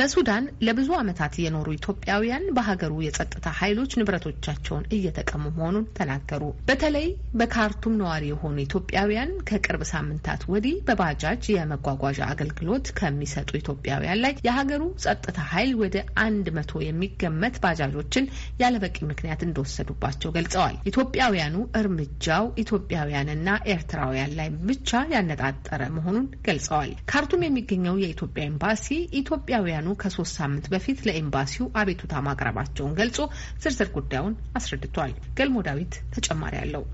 በሱዳን ለብዙ ዓመታት የኖሩ ኢትዮጵያውያን በሀገሩ የጸጥታ ኃይሎች ንብረቶቻቸውን እየተቀሙ መሆኑን ተናገሩ። በተለይ በካርቱም ነዋሪ የሆኑ ኢትዮጵያውያን ከቅርብ ሳምንታት ወዲህ በባጃጅ የመጓጓዣ አገልግሎት ከሚሰጡ ኢትዮጵያውያን ላይ የሀገሩ ጸጥታ ኃይል ወደ አንድ መቶ የሚገመት ባጃጆችን ያለበቂ ምክንያት እንደወሰዱባቸው ገልጸዋል። ኢትዮጵያውያኑ እርምጃው ኢትዮጵያውያንና ኤርትራውያን ላይ ብቻ ያነጣጠረ መሆኑን ገልጸዋል። ካርቱም የሚገኘው የኢትዮጵያ ኤምባሲ ኢትዮጵያውያኑ ከሶስት ሳምንት በፊት ለኤምባሲው አቤቱታ ማቅረባቸውን ገልጾ ዝርዝር ጉዳዩን አስረድቷል። ገልሞ ዳዊት ተጨማሪ አለው።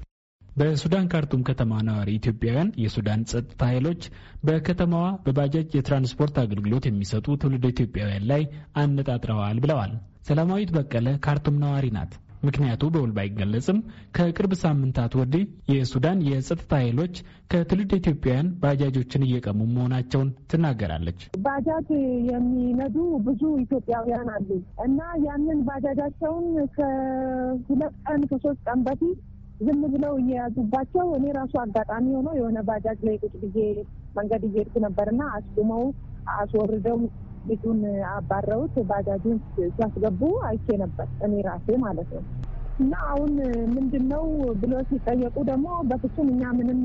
በሱዳን ካርቱም ከተማ ነዋሪ ኢትዮጵያውያን የሱዳን ጸጥታ ኃይሎች በከተማዋ በባጃጅ የትራንስፖርት አገልግሎት የሚሰጡ ትውልድ ኢትዮጵያውያን ላይ አነጣጥረዋል ብለዋል። ሰላማዊት በቀለ ካርቱም ነዋሪ ናት። ምክንያቱ በውል ባይገለጽም ከቅርብ ሳምንታት ወዲህ የሱዳን የጸጥታ ኃይሎች ከትውልድ ኢትዮጵያውያን ባጃጆችን እየቀሙ መሆናቸውን ትናገራለች። ባጃጅ የሚነዱ ብዙ ኢትዮጵያውያን አሉ እና ያንን ባጃጃቸውን ከሁለት ቀን ከሶስት ቀን በፊት ዝም ብለው እየያዙባቸው እኔ ራሱ አጋጣሚ ሆኖ የሆነ ባጃጅ ላይ ቁጭ ብዬ መንገድ እየሄድኩ ነበር እና አስቁመው አስወርደው ልጁን አባረውት ባጃጁን ሲያስገቡ አይቼ ነበር እኔ ራሴ ማለት ነው። እና አሁን ምንድን ነው ብሎ ሲጠየቁ ደግሞ በፍጹም እኛ ምንም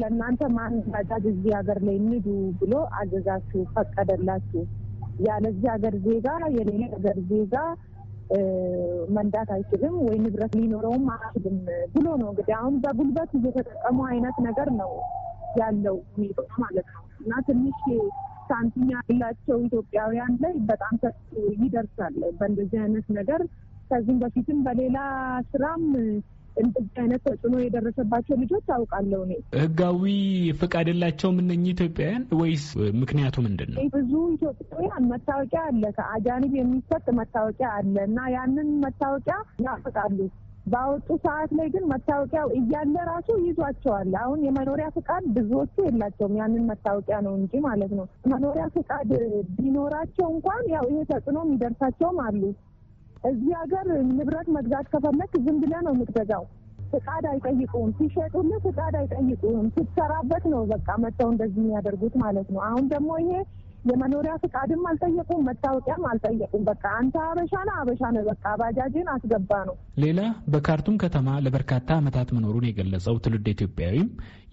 ለእናንተ ማን ባጃጅ እዚህ ሀገር ላይ እንሂዱ ብሎ አዘዛችሁ ፈቀደላችሁ? ያለዚህ ሀገር ዜጋ የሌላ ሀገር ዜጋ መንዳት አይችልም ወይ ንብረት ሊኖረውም አይችልም ብሎ ነው እንግዲህ አሁን በጉልበት እየተጠቀሙ አይነት ነገር ነው ያለው ማለት ነው እና ትንሽ ሳንቲም ያላቸው ኢትዮጵያውያን ላይ በጣም ይደርሳል በእንደዚህ አይነት ነገር። ከዚህም በፊትም በሌላ ስራም እንደዚህ አይነት ተጽዕኖ የደረሰባቸው ልጆች አውቃለሁ እኔ። ህጋዊ ፍቃድ የላቸውም እነኚህ ኢትዮጵያውያን ወይስ ምክንያቱ ምንድን ነው? ብዙ ኢትዮጵያውያን መታወቂያ አለ፣ ከአጃኒብ የሚሰጥ መታወቂያ አለ እና ያንን መታወቂያ ያፈቃሉ ባወጡ ሰዓት ላይ ግን መታወቂያው እያለ ራሱ ይዟቸዋል። አሁን የመኖሪያ ፍቃድ ብዙዎቹ የላቸውም። ያንን መታወቂያ ነው እንጂ ማለት ነው። መኖሪያ ፍቃድ ቢኖራቸው እንኳን ያው ይሄ ተጽዕኖ የሚደርሳቸውም አሉ። እዚህ ሀገር ንብረት መግዛት ከፈለክ ዝም ብለህ ነው የምትገዛው። ፍቃድ አይጠይቁም። ሲሸጡልህ ፍቃድ አይጠይቁም። ስትሰራበት ነው በቃ መጥተው እንደዚህ የሚያደርጉት ማለት ነው። አሁን ደግሞ ይሄ የመኖሪያ ፍቃድም አልጠየቁም፣ መታወቂያም አልጠየቁም። በቃ አንተ አበሻ ነህ አበሻ ነህ በቃ ባጃጅን አስገባ ነው። ሌላ በካርቱም ከተማ ለበርካታ ዓመታት መኖሩን የገለጸው ትውልድ ኢትዮጵያዊም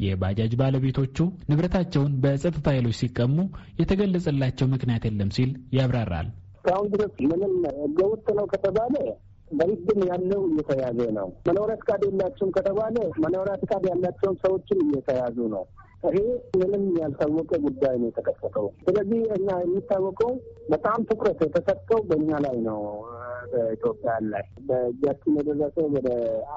የባጃጅ ባለቤቶቹ ንብረታቸውን በጸጥታ ኃይሎች ሲቀሙ የተገለጸላቸው ምክንያት የለም ሲል ያብራራል። እስካሁን ድረስ ምንም ህገወጥ ነው ከተባለ በህግም ያለው እየተያዘ ነው። መኖሪያ ፍቃድ የላቸውም ከተባለ መኖሪያ ፍቃድ ያላቸውን ሰዎችም እየተያዙ ነው። ይሄ ምንም ያልታወቀ ጉዳይ ነው የተከሰተው። ስለዚህ እና የሚታወቀው በጣም ትኩረት የተሰጠው በእኛ ላይ ነው። በኢትዮጵያ ላይ በእጃችን የደረሰው ወደ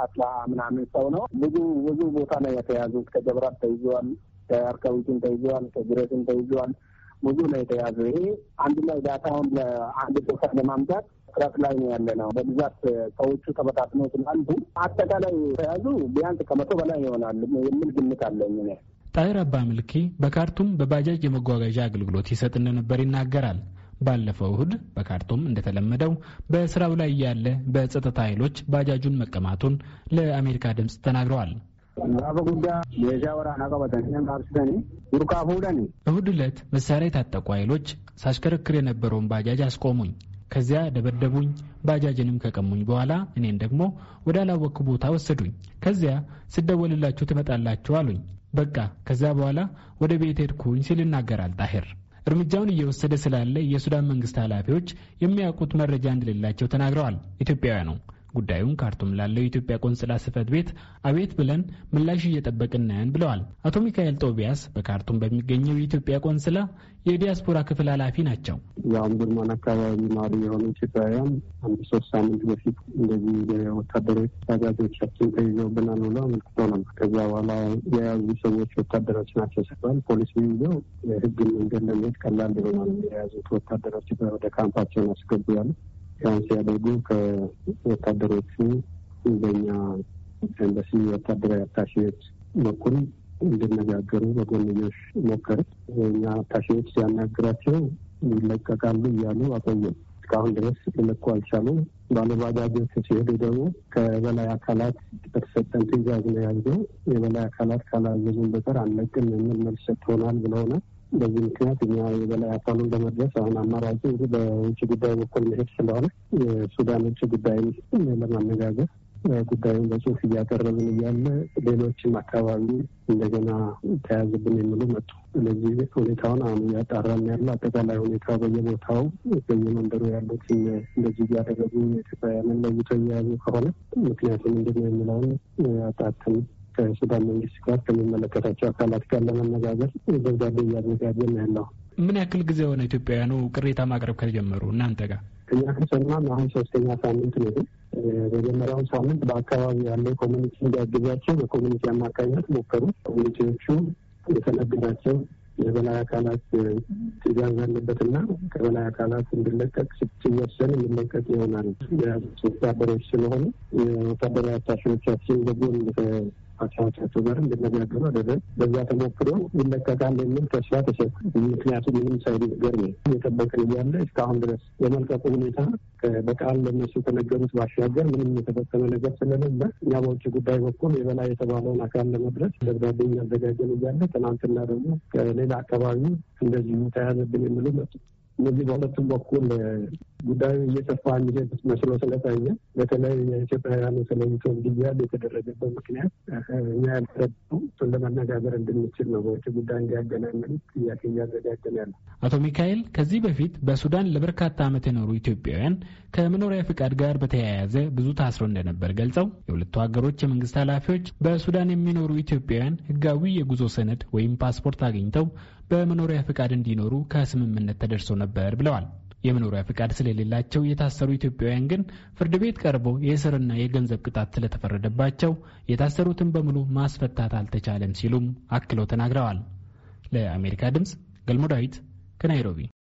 አስራ ምናምን ሰው ነው። ብዙ ብዙ ቦታ ነው የተያዙት። ከደብራት ተይዘዋል፣ ከአርካዊትን ተይዘዋል፣ ከጅረትን ተይዘዋል። ብዙ ነው የተያዙ። ይሄ አንድ ላይ ዳታውን ለአንድ ቦታ ለማምጣት ጥረት ላይ ነው ያለ ነው። በብዛት ሰዎቹ ተበታትነው ስላሉ አጠቃላይ ተያዙ ቢያንስ ከመቶ በላይ ይሆናል የሚል ግምት አለኝ እኔ ጣይር አባ ምልኪ በካርቱም በባጃጅ የመጓጓዣ አገልግሎት ይሰጥ እንደነበር ይናገራል። ባለፈው እሁድ በካርቱም እንደተለመደው በስራው ላይ ያለ በጸጥታ ኃይሎች ባጃጁን መቀማቱን ለአሜሪካ ድምፅ ተናግረዋል። እሁድ ዕለት መሳሪያ የታጠቁ ኃይሎች ሳሽከረክር የነበረውን ባጃጅ አስቆሙኝ። ከዚያ ደበደቡኝ። ባጃጅንም ከቀሙኝ በኋላ እኔን ደግሞ ወዳላወቅኩ ቦታ ወሰዱኝ። ከዚያ ስደወልላችሁ ትመጣላችሁ አሉኝ። በቃ ከዚያ በኋላ ወደ ቤት ሄድኩኝ ሲል ይናገራል ጣሄር። እርምጃውን እየወሰደ ስላለ የሱዳን መንግስት ኃላፊዎች የሚያውቁት መረጃ እንደሌላቸው ተናግረዋል ኢትዮጵያውያኑ። ጉዳዩን ካርቱም ላለው የኢትዮጵያ ቆንስላ ጽሕፈት ቤት አቤት ብለን ምላሽ እየጠበቅናያን ብለዋል። አቶ ሚካኤል ጦቢያስ በካርቱም በሚገኘው የኢትዮጵያ ቆንስላ የዲያስፖራ ክፍል ኃላፊ ናቸው። ያው አምዱርማን አካባቢ ማሪ የሆኑ ኢትዮጵያውያን አንድ ሶስት ሳምንት በፊት እንደዚህ ወታደሮች ታጋጆቻችን ተይዘውብናል ብለው አመልክቶ ነበር። ከዚያ በኋላ የያዙ ሰዎች ወታደሮች ናቸው ሲባል ፖሊስ ይዘው የህግን መንገድ ለመሄድ ቀላል ሊሆናል የያዙት ወታደሮች ወደ ካምፓቸውን ያስገቡ ያሉት ሲያደርጉ ከወታደሮቹ በኛ ኤምባሲ ወታደራዊ አታሽዎች በኩል እንድነጋገሩ በጎንኞች ሞከር። እኛ አታሽዎች ሲያናግራቸው ይለቀቃሉ እያሉ አቆየም። እስካሁን ድረስ ሊለቁ አልቻሉ። ባለባጃጆች ሲሄዱ ደግሞ ከበላይ አካላት በተሰጠን ትዕዛዝ ነው ያዘው። የበላይ አካላት ካላዘዙን በቀር አንለቅም የሚል መልስ ሰጥተውናል ብለውናል። በዚህ ምክንያት እኛ የበላይ አካሉን ለመድረስ አሁን አማራጭ እንግዲህ በውጭ ጉዳይ በኩል መሄድ ስለሆነ የሱዳን ውጭ ጉዳይን ለማነጋገር ጉዳዩን በጽሁፍ እያቀረብን እያለ ሌሎችም አካባቢ እንደገና ተያዝብን የሚሉ መጡ። ስለዚህ ሁኔታውን አሁን እያጣራን ያለ አጠቃላይ ሁኔታ በየቦታው በየመንደሩ ያሉትን እንደዚህ እያደረጉ ኢትዮጵያውያንን ለይቶ እያያዙ ከሆነ ምክንያቱም ምንድነው የሚለውን አጣትን ከሱዳን መንግስት ጋር ከሚመለከታቸው አካላት ጋር ለመነጋገር ደብዳቤ እያዘጋጀን ያለው። ምን ያክል ጊዜ የሆነ ኢትዮጵያውያኑ ቅሬታ ማቅረብ ከተጀመሩ እናንተ ጋር? እኛ ከሰማም አሁን ሶስተኛ ሳምንት ነው። መጀመሪያውን ሳምንት በአካባቢ ያለው ኮሚኒቲ እንዲያግዛቸው በኮሚኒቲ አማካኝነት ሞከሩ። ኮሚኒቲዎቹ የተነገራቸው የበላይ አካላት ትዕዛዝ አለበትና ከበላይ አካላት እንድለቀቅ ሲወሰን እንድለቀቅ ይሆናል። ወታደሮች ስለሆነ የወታደራዊ አታሽኖቻችን በጎን አቻዎቻቸው ጋር እንድነጋገሩ አደረግ። በዛ ተሞክሮ ይለቀቃል የሚል ተስፋ ተሰጥ። ምክንያቱም ምንም ሳይገር የጠበቅን እያለ እስካሁን ድረስ የመልቀቁ ሁኔታ በቃል ለነሱ ከነገሩት ባሻገር ምንም የተፈጸመ ነገር ስለሌለ እኛ በውጭ ጉዳይ በኩል የበላይ የተባለውን አካል ለመድረስ ደብዳቤ እያዘጋጀን እያለ ትናንትና ደግሞ ከሌላ አካባቢ እንደዚሁ ተያዘብን የሚሉ መጡ። እነዚህ በሁለቱም በኩል ጉዳዩ እየሰፋ የሚሄድ መስሎ ስለታየ በተለይ የኢትዮጵያውያኑ ተለይቶ እንዲያል የተደረገበት ምክንያት እኛ ያልተረዱ እሱን ለመነጋገር እንድንችል ነው። በውጭ ጉዳይ እንዲያገናኘን ጥያቄ እያዘጋጀን ያለ። አቶ ሚካኤል ከዚህ በፊት በሱዳን ለበርካታ ዓመት የኖሩ ኢትዮጵያውያን ከመኖሪያ ፍቃድ ጋር በተያያዘ ብዙ ታስሮ እንደነበር ገልጸው የሁለቱ ሀገሮች የመንግስት ኃላፊዎች በሱዳን የሚኖሩ ኢትዮጵያውያን ህጋዊ የጉዞ ሰነድ ወይም ፓስፖርት አግኝተው በመኖሪያ ፍቃድ እንዲኖሩ ከስምምነት ተደርሶ ነበር ነበር ብለዋል። የመኖሪያ ፍቃድ ስለሌላቸው የታሰሩ ኢትዮጵያውያን ግን ፍርድ ቤት ቀርቦ የእስርና የገንዘብ ቅጣት ስለተፈረደባቸው የታሰሩትን በሙሉ ማስፈታት አልተቻለም ሲሉም አክለው ተናግረዋል። ለአሜሪካ ድምፅ ገልሞ ዳዊት ከናይሮቢ